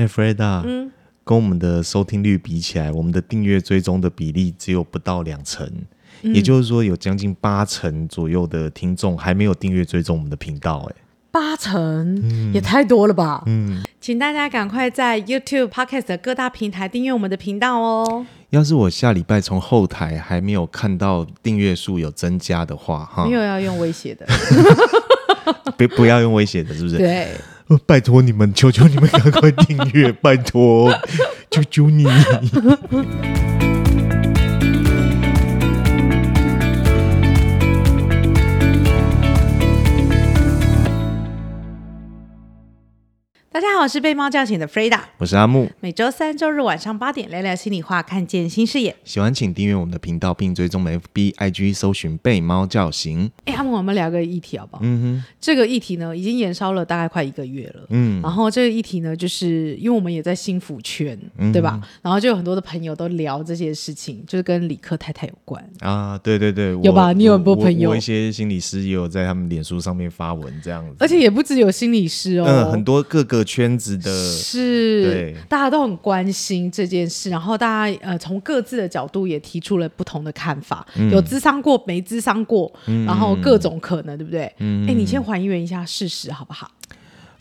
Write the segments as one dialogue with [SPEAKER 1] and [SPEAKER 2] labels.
[SPEAKER 1] Hey、Freda，、嗯、跟我們的收聽率比起來，我們的訂閱追蹤的比例只有不到兩成、嗯，也就是說，有將近八成左右的聽眾還沒有訂閱追蹤我們的頻道、欸。
[SPEAKER 2] 八成、嗯，也太多了吧？嗯，請大家趕快在 YouTube、Podcast 的各大平台訂閱我們的頻道哦。
[SPEAKER 1] 要是我下禮拜從後台還沒有看到訂閱數有增加的話，哈，沒有
[SPEAKER 2] 要用威脅的，
[SPEAKER 1] 不 不要用威脅的， 是不是？對。拜託你們，求求你們趕快訂閱！ 拜託，求求你！
[SPEAKER 2] 大家。我是被貓叫醒的 Freda，
[SPEAKER 1] 我是阿木。
[SPEAKER 2] 每週三、週日晚上八點，聊聊心裡話，看見新視野。
[SPEAKER 1] 喜歡請訂閱我們的頻道，並追蹤 FB、IG，搜尋“被貓叫醒”
[SPEAKER 2] 欸。哎，阿木，我們聊個議題好不好？嗯哼。這個議題呢，已經延燒了大概快一個月了。嗯。然後這個議題呢，就是因為我們也在幸福圈，嗯、對吧？然後就有很多的朋友都聊這些事情，就是跟理科太太有關
[SPEAKER 1] 啊。對對對，有吧？你有很多有朋友，一些心理師也有在他們臉書上面發文這樣
[SPEAKER 2] 子，而且也不只有心理師哦，嗯，很
[SPEAKER 1] 多各個圈。的是對，
[SPEAKER 2] 大家都很關心這件事，然後大家呃從各自的角度也提出了不同的看法，嗯、有諮商過，沒諮商過、嗯，然後各種可能，對不對？哎、嗯欸，你先還原一下事實好不好？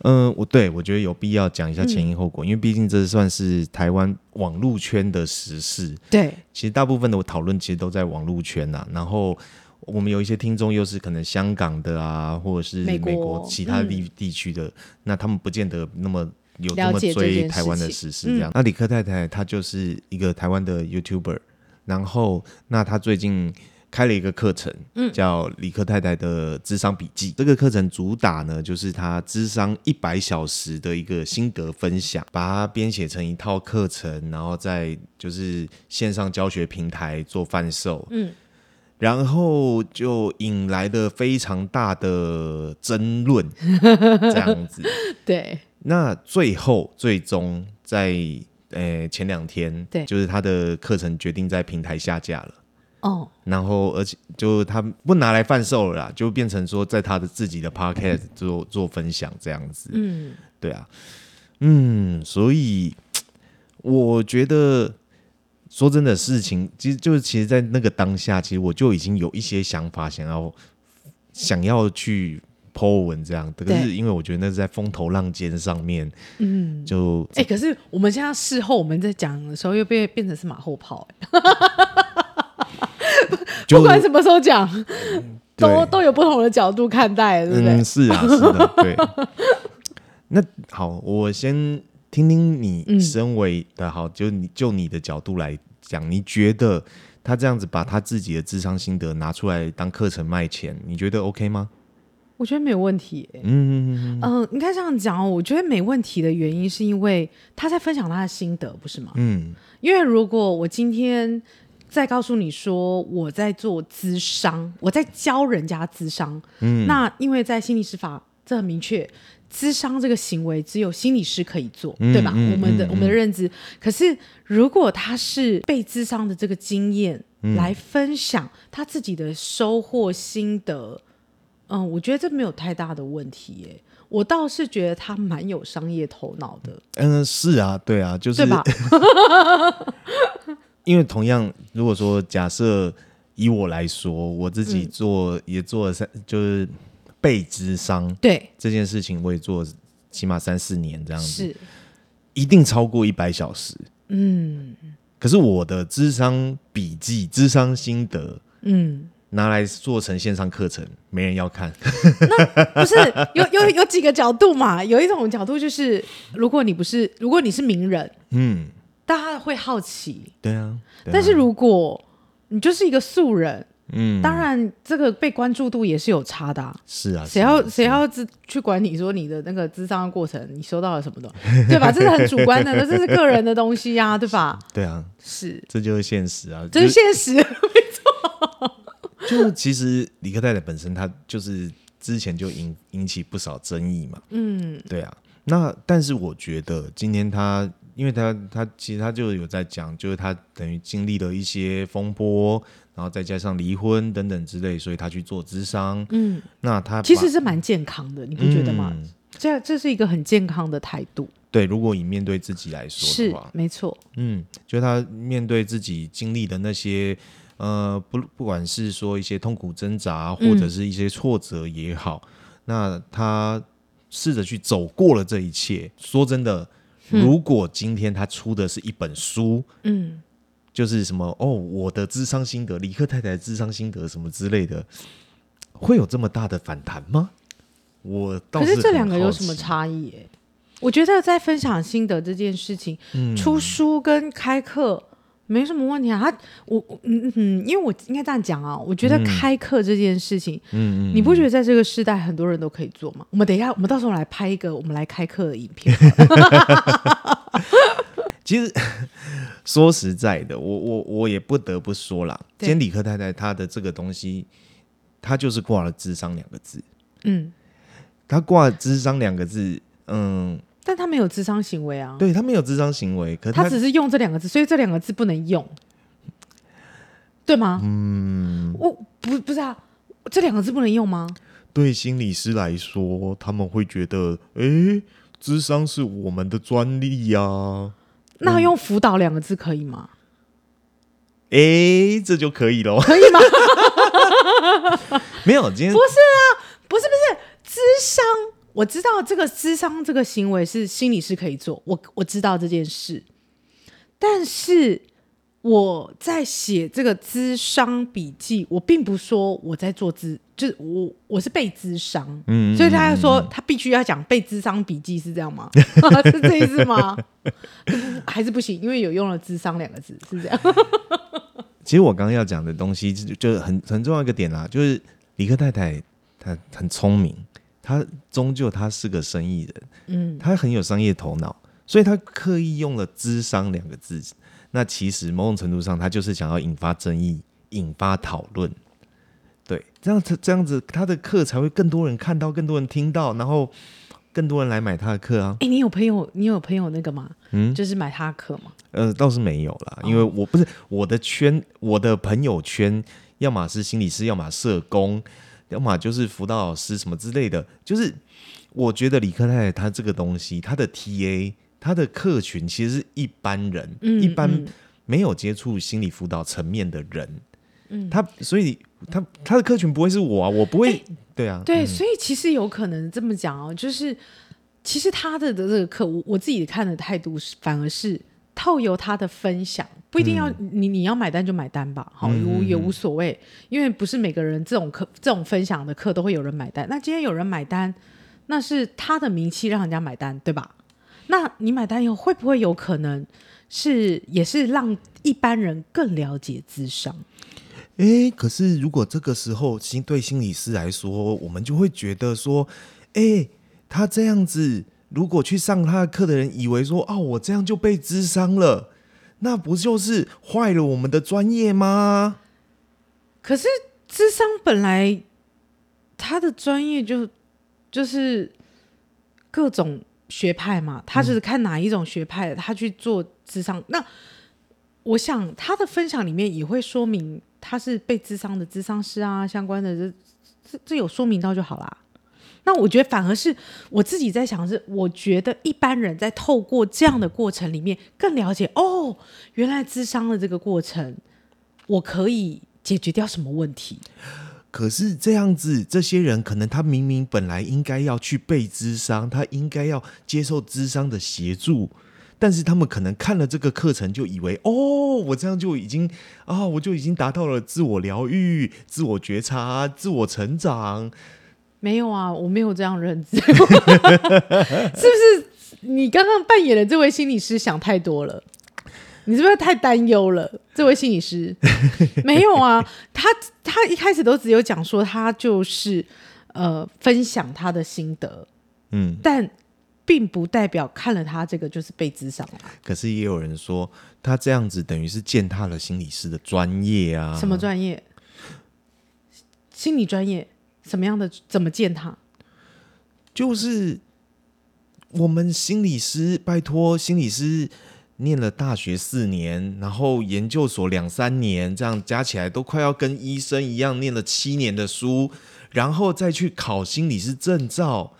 [SPEAKER 1] 嗯，我、呃、對我覺得有必要講一下前因後果，嗯、因為畢竟這算是台灣網絡圈的時事。對，其實大部分的我討論其實都在網絡圈啊，然後。我們有一些聽眾又是可能香港的啊，或者是美國其他地地區的，嗯，那他們不見得那麼有這麼追台灣的時事這樣這事、嗯。那理科太太她就是一個台灣的 YouTuber，然後那她最近開了一個課程，嗯，叫理科太太的諮商筆記、嗯。這個課程主打呢就是她諮商一百小時的一個心得分享，把它編寫成一套課程，然後在就是線上教學平台做販售，嗯。然後就引來了非常大的爭論，
[SPEAKER 2] 這樣子。對，
[SPEAKER 1] 那最後最終在呃前兩天，對，就是他的課程決定在平台下架
[SPEAKER 2] 了。
[SPEAKER 1] 哦，然後而且就他不拿來販售了啦，就變成說在他的自己的 podcast 做、嗯、做分享這樣子。
[SPEAKER 2] 嗯，
[SPEAKER 1] 對啊，嗯，所以我覺得。說真的，事情其實就是其實在那個當下，其實我就已經有一些想法想，想要想要去 po 文這樣的。可是因為我覺得那是在風頭浪尖上面，
[SPEAKER 2] 嗯，
[SPEAKER 1] 就哎、欸，
[SPEAKER 2] 可是我們現在事後我們在講的時候，又被變成是馬後炮、欸，哎
[SPEAKER 1] 就是，不管什麼時候講，都
[SPEAKER 2] 都有不同的角度看待、嗯，對不對？是啊，是的，
[SPEAKER 1] 對。 那好，我先。聽聽你身為的好，嗯、就你就你的角度來講，你覺得他這樣子把他自己的諮商心得拿出來當課程賣錢，你覺得 OK 嗎？
[SPEAKER 2] 我覺得沒有問題、欸。嗯嗯，應該這樣講，我覺得沒問題的原因是因為他在分享他的心得，不是嗎？嗯，因為如果我今天再告訴你說我在做諮商，我在教人家諮商，嗯，那因為在心理師法。這很明確，諮商這個行為只有心理師可以做，嗯、對吧？我們的、嗯、我們的認知。嗯嗯、可是，如果他是被諮商的這個經驗、嗯、來分享他自己的收穫心得，嗯，我覺得這沒有太大的問題耶。我倒是覺得他蠻有商業頭腦的。
[SPEAKER 1] 嗯，是啊，對啊，就是，對吧 因為同樣，如果說假設以我來說，我自己做、嗯、也做了三，就是。被諮商對這件事情，我也做起碼三四年這樣子，是一定超過一百小時。嗯，可是我的諮商筆記、諮商心得，嗯，拿來做成線上課程，沒人要看。 那不是有有
[SPEAKER 2] 有幾個角度嘛？有一種角度就是，如果你不是，如果你是名人，
[SPEAKER 1] 嗯，
[SPEAKER 2] 大家會好奇，
[SPEAKER 1] 對啊。對啊，但是如
[SPEAKER 2] 果你就是一個素人。嗯，當然，這個被關注度也是有差的、啊。是啊，誰要誰、啊啊、要是、啊、去管你說你的那個諮商的過程，你收到了什麼的， 對吧？這是很主觀的， 這是個人的東西呀、啊，對吧？
[SPEAKER 1] 對啊，是，這就是現實啊，就是，這是現實，沒、就、錯、是。 就其實理科太太本身，他就是之前就引引起不少爭議嘛。嗯，對啊。那但是我覺得今天他，因為他他其實他就有在講，就是他等於經歷了一些風波。然後再加上離婚等等之類，所以他去做諮商。嗯，那他其實是
[SPEAKER 2] 蠻健康的，你不覺得嗎？嗯、這這是一個很健康的態度。
[SPEAKER 1] 對，如果以面對自己來說是沒錯。嗯，就他面對自己經歷的那些，呃，不不管是說一些痛苦掙扎，或者是一些挫折也好，嗯、那他試着去走過了這一切。說真的、嗯，如果今天他出的是一本書，嗯。就是什麼哦，我的諮商心得，理科太太諮商心得什麼之類的，會有這麼大的反彈嗎？我倒是，可是這兩個有什麼
[SPEAKER 2] 差異？欸？我覺得在分享心得這件事情，嗯、出書跟開課沒什麼問題啊。他我嗯嗯，因為我應該這樣講啊，我覺得開課這件事情，嗯，你不覺得在這個時代很多人都可以做嗎？嗯嗯嗯。我們等一下，我們到時候來拍一個我們來開課的影片。
[SPEAKER 1] 其實。說實在的，我我我也不得不說啦，今天理科太太她的這個東西，她就是掛了諮商兩個字，嗯，她掛了諮商兩個字，嗯，
[SPEAKER 2] 但她沒有諮商行為啊，對
[SPEAKER 1] 她沒有諮商行為，可她，她只是
[SPEAKER 2] 用這兩個字，所以這兩個字不能用，對嗎？嗯，我不不是啊，這兩個字不能用嗎？
[SPEAKER 1] 對心理師來說，他們會覺得，哎、欸，諮商是我們的專利呀、啊。
[SPEAKER 2] 那用輔導兩個字可以嗎？
[SPEAKER 1] 哎、嗯欸，這就可以了，可以嗎？ 沒有，今天不是
[SPEAKER 2] 啊，不是，不是，諮商，我知道這個諮商這個行為是心理師可以做，我我知道這件事，但是。我在寫這個諮商筆記，我並不說我在做諮，就是我我是被諮商，嗯，嗯，
[SPEAKER 1] 嗯，嗯，嗯，所以他說
[SPEAKER 2] 他必須要講被諮商筆記是這樣嗎？ 是這意思嗎？
[SPEAKER 1] 是
[SPEAKER 2] 還是不行？因為有用了“諮商”兩個字，是這樣。
[SPEAKER 1] 其實我剛剛要講的東西，就，就很很重要一個點啦，就是理科太太她很聰明，她終究她是個生意人，嗯，她很有商業頭腦，所以她刻意用了“諮商”兩個字。那其實某種程度上，他就是想要引發爭議，引發討論，對，這樣子這樣子，他的課才會更多人看到，更多人聽到，然後更多人來買他的課啊。哎、
[SPEAKER 2] 欸，你有朋友，你有朋友那個嗎？嗯，就是買他的課嗎？
[SPEAKER 1] 呃，倒是沒有啦，因為我不是我的圈，我的朋友圈要麼是心理師，要麼社工，要麼就是輔導老師什麼之類的。就是我覺得理科太太他這個東西，他的 TA。他的客群其實是一般人，嗯嗯、一般沒有接觸心理輔導層面的人。嗯，他所以他他的客群不會是我啊，我不會、欸、對啊。對、嗯，所
[SPEAKER 2] 以其實有可能這麼講哦，就是其實他的的這個課，我我自己看的態度是，反而是透由他的分享，不一定要、嗯、你你要買單就買單吧，好也無也無所謂、嗯，因為不是每個人這種課這種分享的課都會有人買單。那今天有人買單，那是他的名氣讓人家買單，對吧？那你買單以後會不會有可能是也是讓一般人更了解諮商？
[SPEAKER 1] 哎、欸，可是如果這個時候，其實對心理師來說，我們就會覺得說，哎、欸，他這樣子，如果去上他的課的人以為說，哦、啊，我這樣就被諮商了，那不就是壞了我們的專業嗎？
[SPEAKER 2] 可是諮商本來
[SPEAKER 1] 他的專業就
[SPEAKER 2] 就是各種。學派嘛，他是看哪一種學派的，嗯，他去做諮商，那我想他的分享裡面也會說明他是被諮商的諮商師啊，相關的這這這有說明到就好啦。那我覺得反而是我自己在想是，我覺得一般人在透過這樣的過程裡面更了解，哦，原來諮商的這個過程，我可
[SPEAKER 1] 以解決掉什麼問題。可是這樣子，這些人可能他明明本來應該要去被諮商，他應該要接受諮商的協助，但是他們可能看了這個課程就以為，哦，我這樣就已經啊、哦，我就已經達到了自我療癒、自我覺察、自我成長。
[SPEAKER 2] 沒有啊，我沒有這樣認知， 是不是？你剛剛扮演的這位心理師想太多了。你是不是太擔憂了？這位心理師 沒有啊，他他一開始都只有講說他就是呃分享他的心得，嗯，但並不代表看了他這個就是被諮商了。
[SPEAKER 1] 可是也有人說他這樣子等於是踐踏了心理師的專業啊，什麼
[SPEAKER 2] 專業？心理專業什麼樣的？怎麼踐踏？
[SPEAKER 1] 就是我們心理師，拜托心理師。念了大學四年，然後研究所兩三年，這樣加起來都快要跟醫生一樣，念了七年的書，然後再去考心理師證照，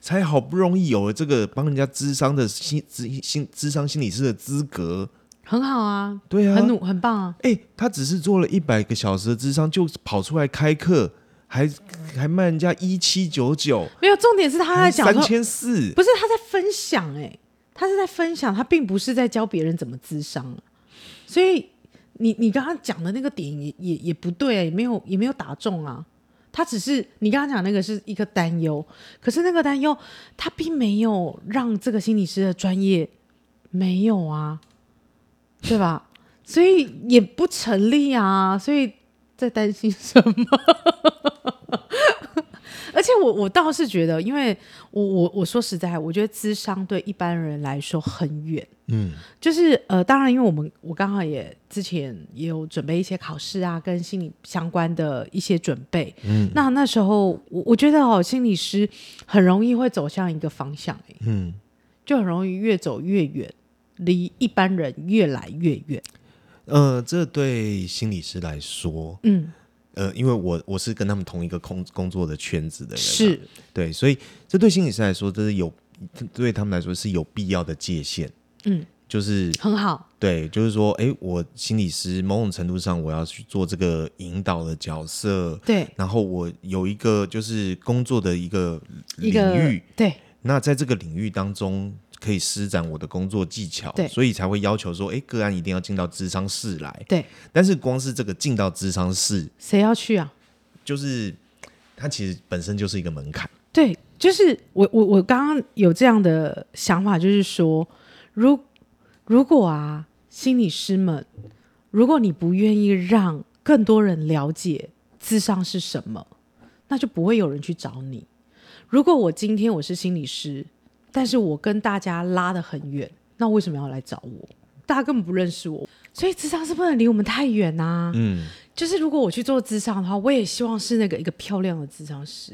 [SPEAKER 1] 才好不容易有了這個幫人家諮商的心、治心諮商心理師的資格。
[SPEAKER 2] 很好啊，對啊，很努，很棒啊！哎、
[SPEAKER 1] 欸，他只是做了一百個小時的諮商，就跑出來開課，還還賣人家一七九九。沒
[SPEAKER 2] 有，重點是他在講三千四，不是他在分享哎、欸。他是在分享，他並不是在教別人怎麼諮商，所以你你剛剛講的那個點也也也不對啊，也沒有也沒有打中啊。他只是你剛剛講的那個是一個擔憂，可是那個擔憂他並沒有讓這個心理師的專業沒有啊，對吧？ 所以也不成立啊，所以在擔心什麼？ 而且我我倒是覺得，因為我我我說實在，我覺得諮商對一般人來說很遠，嗯，就是呃，當然，因為我們我剛好也之前也有準備一些考試啊，跟心理相關的一些準備，嗯，那那時候我我覺得哦，心理師很容易會走向一個方向，嗯，就很容易越走越遠，離一般人越來越遠，
[SPEAKER 1] 呃，這對心理師來說，嗯。呃，因為我我是跟他們同一個工工作的圈子的人，是對，所以這對心理師來說，這是有對他們來說是有必要的界限。嗯，就是很好，對，就是說，哎，我心理師某種程度上我要去做這個引導的角色，對，然後我有一個就是工作的一個領域，一個對，那在這個領域當中。可以施展我的工作技巧，對，所以才會要求說，誒、欸，個案一定要進到諮商室來，對。但是光是這個進到諮商室，誰要去啊？就是它其實本身就是一個門檻，
[SPEAKER 2] 對。就是我我我剛剛有這樣的想法，就是說，如如果啊，心理師們，如果你不願意讓更多人了解諮商是什麼，那就不會有人去找你。如果我今天我是心理師。但是我跟大家拉得很遠，那為什麼要來找我？大家根本不認識我，所以諮商是不能離我們太遠吶、啊。嗯，就是如果我去做諮商的話，我也希望是那個一個漂亮的諮商師。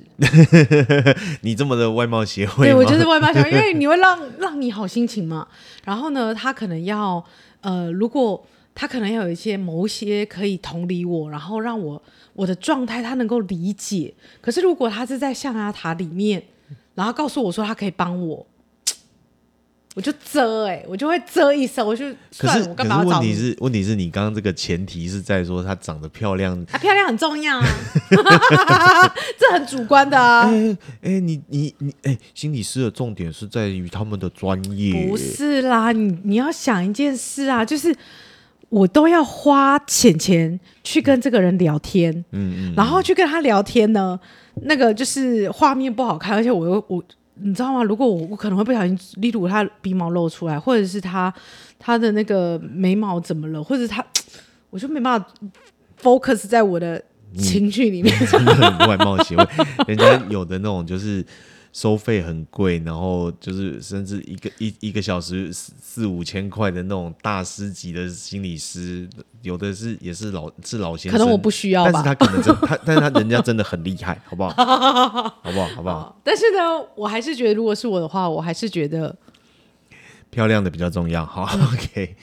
[SPEAKER 1] 你這麼的外貌協會，對，我就是外貌協會，因為
[SPEAKER 2] 你會讓讓你好心情嘛。然後呢，他可能要呃，如果他可能要有一些某一些可以同理我，然後讓我我的狀態他能夠理解。可是如果他是在象牙塔裡面。然後告訴我說他可以幫我，我就遮哎、欸，我就會遮一手，我就算我幹嘛問？問題是
[SPEAKER 1] 問題是你剛剛這個前提是在說她長得漂亮，他、
[SPEAKER 2] 啊、漂亮很重要 這很主觀的啊。哎、欸
[SPEAKER 1] 欸，你你你，哎、欸，心理師的重點是在於他們的專業，不是
[SPEAKER 2] 啦。你你要想一件事啊，就是。我都要花錢錢去跟這個人聊天，嗯，嗯，嗯，然後去跟他聊天呢，那個就是畫面不好看，而且我又我你知道嗎？如果我我可能會不小心，例如他鼻毛露出來，或者是他他的那個眉毛怎麼了，或者他，我就沒辦法 focus 在我的情緒裡面。嗯，真的很外貌協會，
[SPEAKER 1] 人家有的那種就是。收費很貴，然後就是甚至一個一一個小時四四五千塊的那種大師級的心理師，有的是也是老是老先生，可能我不需要吧，但是他可能真 他，但是他人家真的很厲害好好好好好好，好不好？好不好？好
[SPEAKER 2] 不好？但是呢，我還是覺得，如果是我的話，我還是覺得
[SPEAKER 1] 漂亮的比較重要。哈，OK，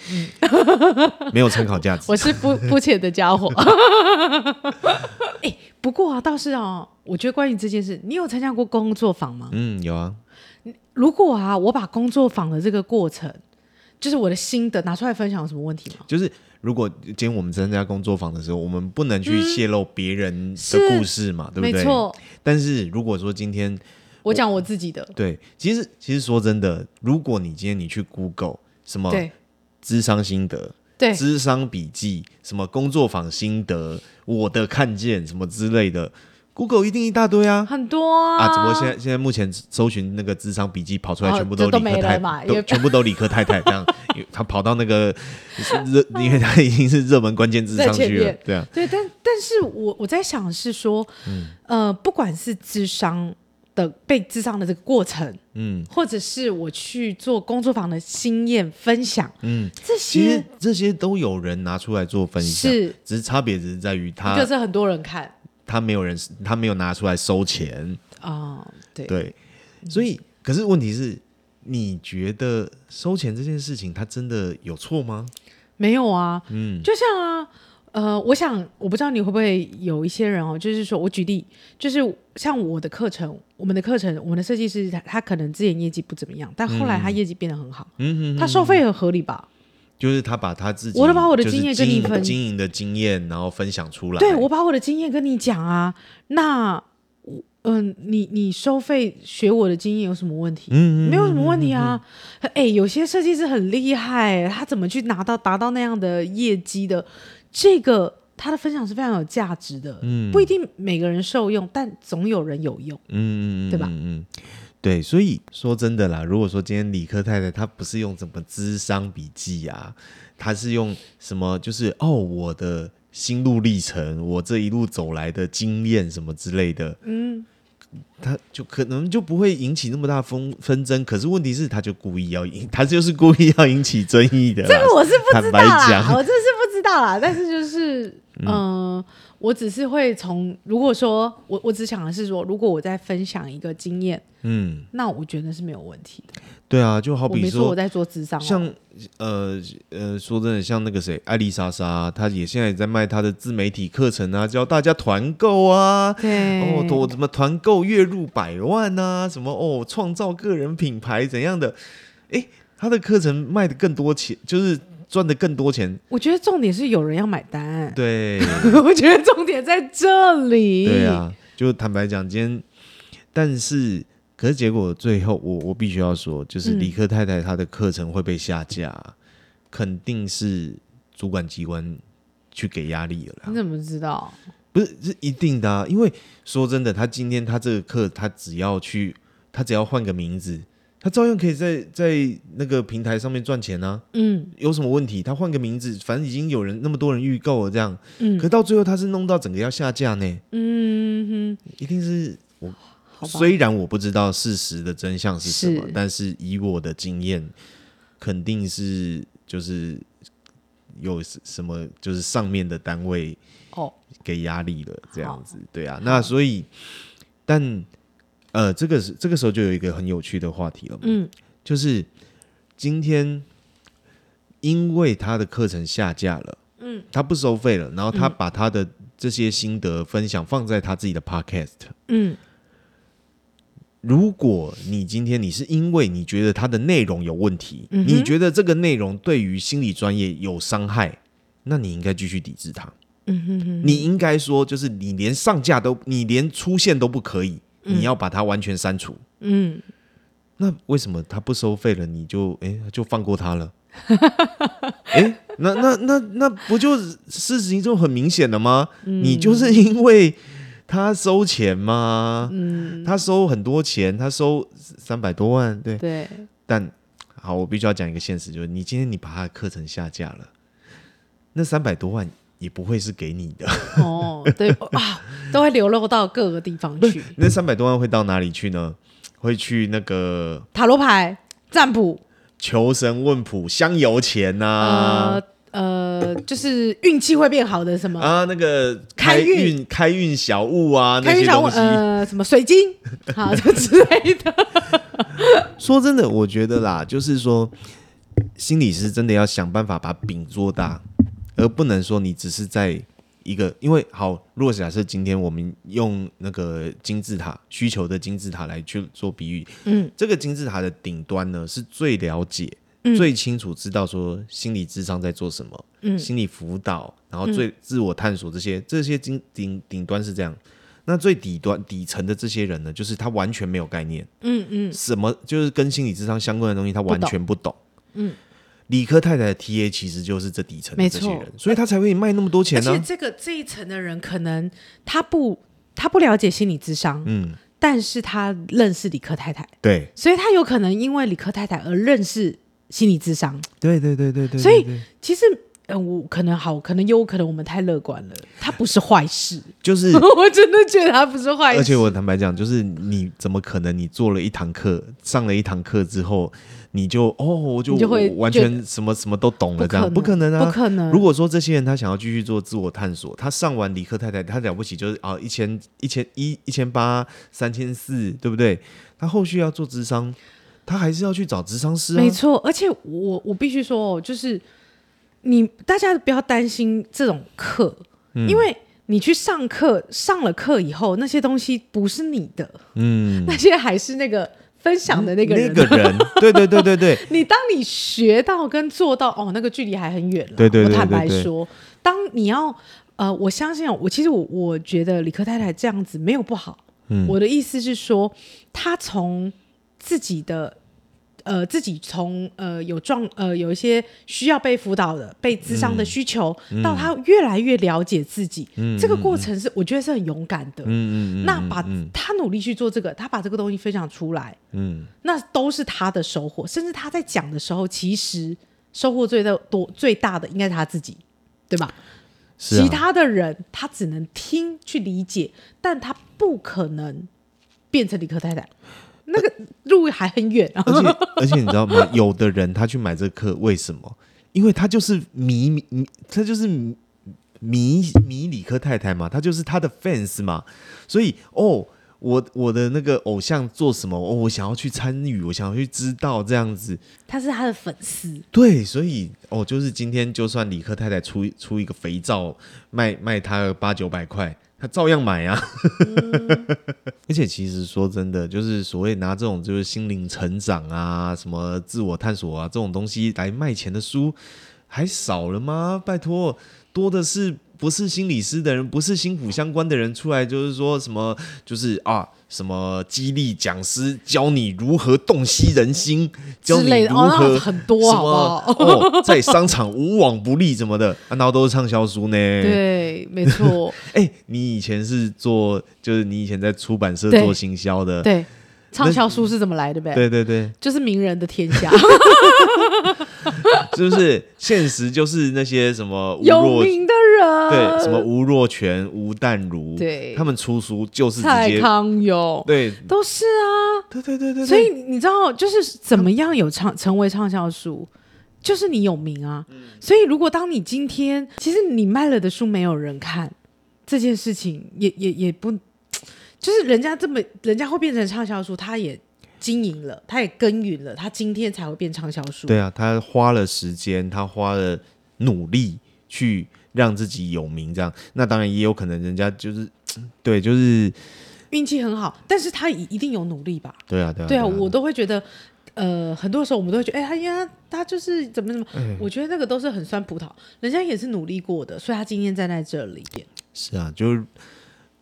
[SPEAKER 1] 沒有參考價值，我是
[SPEAKER 2] 膚膚淺的家伙。 不過啊，倒是啊、哦，我覺得關於這件事，你有參加過工
[SPEAKER 1] 作坊嗎？嗯，有啊。
[SPEAKER 2] 如果啊，我把工作坊的這個過程，就是我的心得拿出來分享，有什麼問題嗎？
[SPEAKER 1] 就是如果今天我們參加工作坊的時候，我們不能去泄露別人的故事嘛，嗯、對不對？沒錯。但是如果說今天
[SPEAKER 2] 我講我自己的，
[SPEAKER 1] 對，其實其實說真的，如果你今天你去 Google 什麼對諮商心得。諮商筆記什麼工作坊心得，我的看見什麼之類的，Google 一定一大堆啊，很多啊，只不過現在現在目前搜尋那個諮商筆記，跑出來全部都理科太太、哦，都全部都理科太太這樣， 因為他跑到那個熱，因為他已經是熱門關鍵字上去了，對啊，
[SPEAKER 2] 對，但但是我我在想是說、嗯，呃，不管是諮商。的被諮商的這個過程，嗯，或者是我去做工作坊的經驗分享，
[SPEAKER 1] 嗯，這些這些都有人拿出來做分享，只是差別只是在於他，就是
[SPEAKER 2] 很多人看，
[SPEAKER 1] 他沒有人，他沒有拿出來收錢
[SPEAKER 2] 啊、嗯，對對，
[SPEAKER 1] 所以、嗯、可是問題是，你覺得收錢這件事情，他真的有錯嗎？
[SPEAKER 2] 沒有啊，嗯，就像啊。呃，我想，我不知道你會不會有一些人哦，就是說我舉例，就是像我的課程，我們的課程，我們的設計師他他可能之前業績不怎麼樣，但後來他業績變得很好，嗯，
[SPEAKER 1] 他收費很合理吧？就是他把他自己，我都把我的經驗跟你分、就是、經營經營的經驗，然後分享出來。對，我
[SPEAKER 2] 把我的經驗跟你講啊，那嗯、呃，你你收費學我的經驗有什麼問題？嗯嗯，沒有什麼問題啊。哎、嗯嗯嗯嗯欸，有些設計師很厲害，他怎麼去拿到達到那樣的業績的？這個他的分享是非常有價值的，嗯，不一定每個人受用，但總有人有用，嗯
[SPEAKER 1] 對吧？嗯，對，所以說真的啦，如果說今天理科太太她不是用什麼諮商筆記啊，她是用什麼，就是哦，我的心路歷程，我這一路走來的經驗什麼之類的，嗯，他就可能就不會引起那麼大紛紛爭。可是問題是，他就故意要引，他就是故意要引起爭議的。 這個我是不知道啊，坦白講，我
[SPEAKER 2] 這是。大啦，但是就是，嗯，呃、我只是會從，如果說我我只想的是說，如果我在分享一個經驗，
[SPEAKER 1] 嗯，
[SPEAKER 2] 那我覺得是沒有問題的。
[SPEAKER 1] 對啊，就好比說我
[SPEAKER 2] 在做諮商，像
[SPEAKER 1] 呃呃，說真的，像那個誰，愛莉莎莎，她也現在在賣她的自媒體課程啊，教大家團購啊，對哦，怎麼團購月入百萬啊，什麼哦，創造個人品牌怎樣的，哎、欸，她的課程賣得更多錢，就是。賺的更多錢，
[SPEAKER 2] 我覺得重點是有人要買單。
[SPEAKER 1] 對，
[SPEAKER 2] 我覺得重點在這裡。對啊，
[SPEAKER 1] 就坦白講，今天，但是，可是結果最後我，我我必須要說，就是理科太太她的課程會被下架，嗯、肯定是主管機關去給壓力了。
[SPEAKER 2] 你怎麼知道？
[SPEAKER 1] 不是，是一定的、啊，因為說真的，他今天他這個課，他只要去，他只要換個名字。他照樣可以在在那個平台上面賺錢啊，嗯，有什麼問題？他換個名字，反正已經有人那麼多人預購了，這樣，嗯，可到最後他是弄到整個要下架呢，嗯哼，一定是我，雖然我不知道事實的真相是什麼，是，但是以我的經驗，肯定是就是有什麼就是上面的單位給壓力了這樣子，哦，對啊，那所以，但。呃，這個是這個時候就有一個很有趣的話題了。嗯，就是今天因為他的課程下架了，嗯，他不收費了，然後他把他的這些心得分享放在他自己的 podcast。嗯，如果你今天你是因為你覺得他的內容有問題，嗯哼，你覺得這個內容對於心理專業有傷害，那你應該繼續抵制他。嗯哼
[SPEAKER 2] 哼哼，你
[SPEAKER 1] 應該說就是你連上架都你連出現都不可以。你要把它完全刪除。嗯，嗯，那為什麼他不收費了，你就哎、欸、就放過他了？哎、 欸，那那那那，那不就事情就很明顯了嗎、嗯？你就是因為他收錢嗎？嗯、他收很多錢，他收三百多萬，對對。但好，我必須要講一個現實，就是你今天你把他的課程下架了，那三百多萬也不會是給你的哦。對
[SPEAKER 2] 哦啊。都會流落到各個地方去。
[SPEAKER 1] 那三百多萬會到哪裡去呢？會去那個
[SPEAKER 2] 塔羅牌、占卜、
[SPEAKER 1] 求神問卜、香油錢啊
[SPEAKER 2] 呃、呃，就是運氣會變好的什麼
[SPEAKER 1] 啊？那個開、開運開運小物啊，開運小物那些東西呃，
[SPEAKER 2] 什麼水晶，好 之類的。
[SPEAKER 1] 說真的，我覺得啦，就是說，心理師真的要想辦法把餅做大，而不能說你只是在。一個，因為好，如果假設今天我們用那個金字塔需求的金字塔來去做比喻，嗯，這個金字塔的頂端呢是最了解，嗯、最清楚知道說心理諮商在做什麼，嗯，心理輔導，然後最自我探索這些，嗯、這些頂頂端是這樣。那最底端底層的這些人呢，就是他完全沒有概念，嗯嗯，什麼就是跟心理諮商相關的東西，他完全不懂，不懂嗯。理科太太的 TA 其實就是這底層的人沒錯，所以他才會賣那麼多錢呢、啊。而且這
[SPEAKER 2] 個這一層的人，可能他不他不了解心理諮商，嗯，但是他認識理科太太，對，所以他有可能因為理科太太而認識心理諮商。
[SPEAKER 1] 對對對對對。所以
[SPEAKER 2] 其實，嗯、呃，我可能好，可能有可能我們太樂觀了，他不
[SPEAKER 1] 是壞事。就是
[SPEAKER 2] 我真的覺得他不是壞事。而且我
[SPEAKER 1] 坦白講，就是你怎麼可能？你做了一堂課，上了一堂課之後。你就哦，我就完全什麼什麼都懂了，這樣不可，不可能啊！不可能。如果說這些人他想要繼續做自我探索，他上完理科太太，他了不起就是啊、哦，一千一千一一千八三千四，對不對？他後續要做諮商，他還是要去找諮商師、啊、沒錯，
[SPEAKER 2] 而且我我必須說、哦，就是你大家不要擔心這種課，嗯、因為你去上課上了課以後，那些東西不是你的，嗯，那些還是那個。分享的那個人，那個人， 對
[SPEAKER 1] 對對對對、對。
[SPEAKER 2] 你當你學到跟做到，哦，那個距離還很遠了。對對對、對，我坦白說，當你要，呃，我相信，我，其實我我覺得理科太太這樣子沒有不好。嗯，我的意思是說，她從自己的。呃，自己從呃有狀呃有一些需要被輔導的、被諮商的需求、嗯，到他越來越了解自己，嗯、這個過程是、嗯、我覺得是很勇敢的。嗯嗯、那把他努力去做這個，他把這個東西分享出來、嗯，那都是他的收穫。甚至他在講的時候，其實收穫最多最大的應該是他自己，對吧？啊、其他的人他只能聽去理解，但他不可能變成理科太太。那個路還很遠啊，而且而且你知道嗎？
[SPEAKER 1] 有的人他去買這課，為什麼？因為他就是迷迷，他就是迷迷理科太太嘛，他就是他的 fans 嘛。所以哦，我我的那個偶像做什麼，哦，我想要去參與，我想要去知道這樣子。
[SPEAKER 2] 他是他的粉絲，
[SPEAKER 1] 對，所以哦，就是今天就算理科太太出出一個肥皂，賣賣他個八九百塊。他照樣買啊、嗯， 而且其實說真的，就是所謂拿這種就是心靈成長啊、什麼自我探索啊這種東西來賣錢的書，還少了嗎？拜托，多的是。不是心理師的人，不是心輔相關的人出來，就是說什麼，就是啊，什麼激勵講師，教你如何洞悉人心，教你如何、哦、很多什麼、哦，在商場無往不利，什麼的，難 道、啊、都是暢銷書呢？對，沒錯。哎、 欸，你以前是做，就是你以前在出版社做行銷的，對，
[SPEAKER 2] 暢銷書是怎麼來的唄？對，對對對，就是名人的天下，
[SPEAKER 1] 是 不、 就是？現實就是那些什麼有名
[SPEAKER 2] 的。對，什麼
[SPEAKER 1] 吳若權、吳淡如，對，他們出書就是蔡康
[SPEAKER 2] 永，對，都是啊，對對對對。所以你知道，就是怎麼樣有暢成為暢銷書，就是你有名啊、嗯。所以如果當你今天其實你賣了的書沒有人看，這件事情也也也不，就是人家這麼人家會變成暢銷書，他也經營了，他也耕耘了，他今天才會變暢銷書。對啊，
[SPEAKER 1] 他花了時間，他花了努力去。讓自己有名，這樣，那當然也有可能，人家就是，對，就是
[SPEAKER 2] 運氣很好，但是他一定有努力吧對、
[SPEAKER 1] 啊？對啊，對啊，對啊，我
[SPEAKER 2] 都會覺得，呃，很多時候我們都會覺得，哎、欸，他呀，他就是怎麼怎麼、嗯，我覺得那個都是很酸葡萄，人家也是努力過的，所以他今天站在這裡。是啊，就
[SPEAKER 1] 是，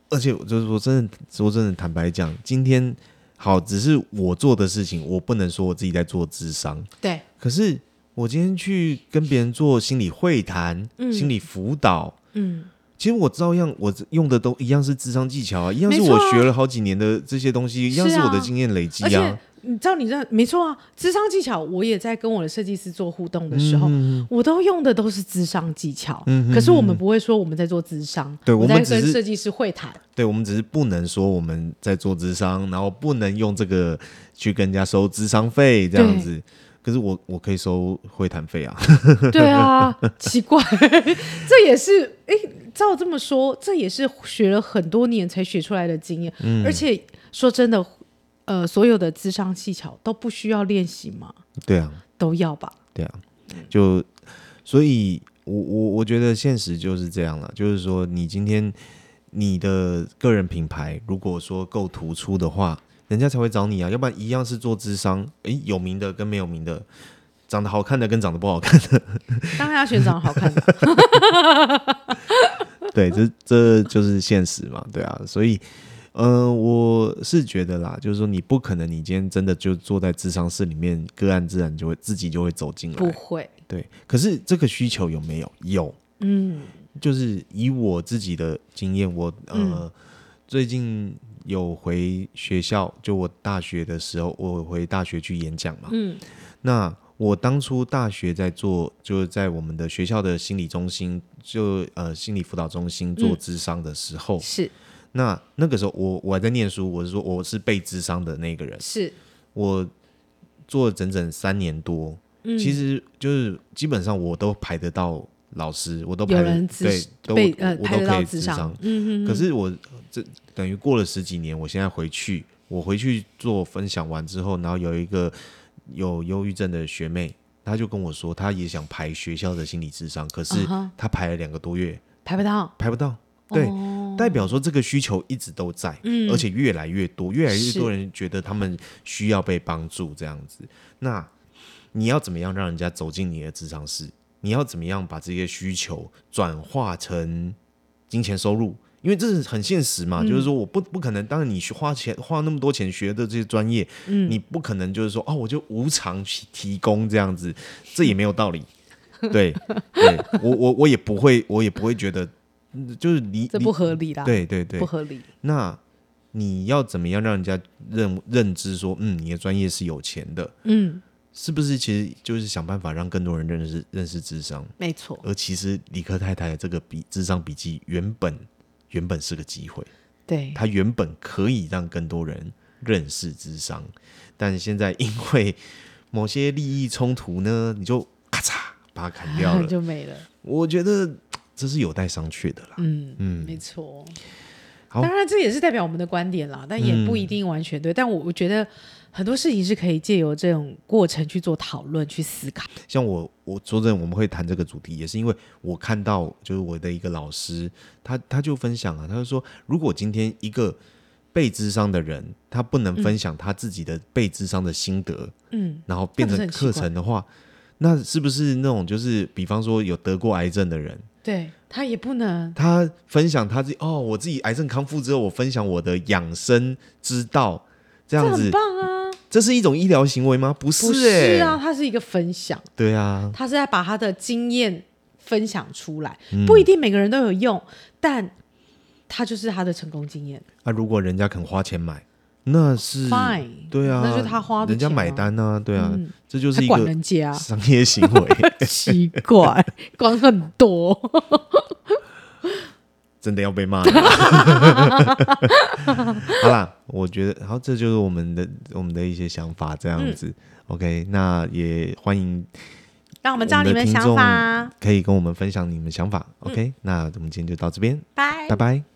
[SPEAKER 1] 而且我就是說真的，說真的，坦白講，今天好，只是我做的事情，我不能說我自己在做諮商，對，可是。我今天去跟別人做心理會談、嗯、心理輔導，嗯，其實我照樣，我用的都一樣是諮商技巧啊，一樣是我學了好幾年的這些東西，啊、一樣是我的經驗累積啊。且你
[SPEAKER 2] 且，照你這樣沒錯啊，諮商技巧，我也在跟我的設計師做互動的時候，嗯、我都用的都是諮商技巧、嗯哼哼哼。可是我們不會說我們在做諮商，對，我們在跟設計師會談。
[SPEAKER 1] 對，我們只是不能說我們在做諮商，然後不能用這個去跟人家收諮商費這樣子。可是我我可以收會談費啊！對啊， 奇
[SPEAKER 2] 怪，這也是、欸、照這麼說，這也是學了很多年才學出來的經驗、嗯。而且說真的，呃，所有的諮商技巧都不需要練習嗎？對啊，都要吧。
[SPEAKER 1] 對啊，就所以，我我我覺得現實就是這樣了，就是說，你今天你的個人品牌如果說夠突出的話。人家才會找你啊，要不然一樣是做諮商，誒、欸，有名的跟沒有名的，長得好看的跟長得不好看的，當然要選長得好看的。 對，這這就是現實嘛，對啊，所以，呃，我是覺得啦，就是說你不可能，你今天真的就坐在諮商室裡面，個案自然就會自己就會走進來，不會。對，可是這個需求有沒有？有，嗯，就是以我自己的經驗，我呃、嗯、最近，有回學校，就我大學的時候，我回大學去演講嘛。嗯，那我當初大學在做，就是在我們的學校的心理中心，就呃心理輔導中心做諮商的時候、嗯。是。那那個時候我我還在念書，我是說我是被諮商的那個人。是。我做了整整三年多、嗯，其實就是基本上我都排得到。老師，我都排了對，被都呃，我都可以排到諮商，嗯嗯嗯，可是我這等於過了十幾年，我現在回去，我回去做分享完之後，然後有一個有憂鬱症的學妹，她就跟我說，她也想排學校的心理諮商，可是她排了兩個多月，嗯，排不到，排不到。對，哦，代表說這個需求一直都在，嗯，而且越來越多，越來越多人覺得他們需要被幫助這樣子。那你要怎麼樣讓人家走進你的諮商室？你要怎麼樣把這些需求轉化成金錢收入？因為這是很現實嘛，嗯、就是說，我不不可能。當然你去花錢花那麼多錢學的這些專業、嗯，你不可能就是說，哦，我就無償提供這樣子，這也沒有道理。 對對，我我我也不會，我也不會覺得，就是你這不合理啦。對對對對，不合理。那你要怎麼樣讓人家認認知說，嗯，你的專業是有錢的？嗯。是不是其實就是想辦法讓更多人認識認識諮商？沒錯。而其實理科太太的這個筆諮商筆記原本原本是個機會，對，它原本可以讓更多人認識諮商，但現在因為某些利益衝突呢，你就咔嚓，把它砍掉了，啊、就沒了。我覺得這是有待商榷的啦。
[SPEAKER 2] 嗯嗯，沒錯。
[SPEAKER 1] 好，當然
[SPEAKER 2] 這也是代表我們的觀點啦，但也不一定完全對。嗯、但我我覺得。很多事情是可以借由這種過程去做討論、去思考。
[SPEAKER 1] 像我，我說真的，我們會談這個主題，也是因為我看到，就是我的一個老師，他他就分享啊，他就說，如果今天一個被諮商的人，他不能分享他自己的被諮商的心得，嗯，然後變成課程的話，嗯那，那是不是那種就是，比方說有得過癌症的人，
[SPEAKER 2] 對他也不能，
[SPEAKER 1] 他分享他自己哦，我自己癌症康復之後，我分享我的養生之道，這樣子這很棒啊！這是一種醫療行為嗎？不是、欸，不是啊，
[SPEAKER 2] 它是一個分享。
[SPEAKER 1] 對啊，他
[SPEAKER 2] 是在把他的經驗分享出來、嗯，不一定每個人都有用，但他就是他的成功經驗。
[SPEAKER 1] 那、啊、如果人家肯花錢買，那是 fine，對啊，那就他花人家買單呢、啊，對啊、嗯，這就是一個商業行為。啊、 奇怪，
[SPEAKER 2] 管很多。 真的要被罵了 好
[SPEAKER 1] 啦，我覺得，好，這就是我們的，我們的一些想法，這樣子、嗯、，OK，那也歡迎，讓我們知道你們想法，可以跟我們分享你們想法，OK，那我們今天就到這邊，拜、嗯、拜。Bye bye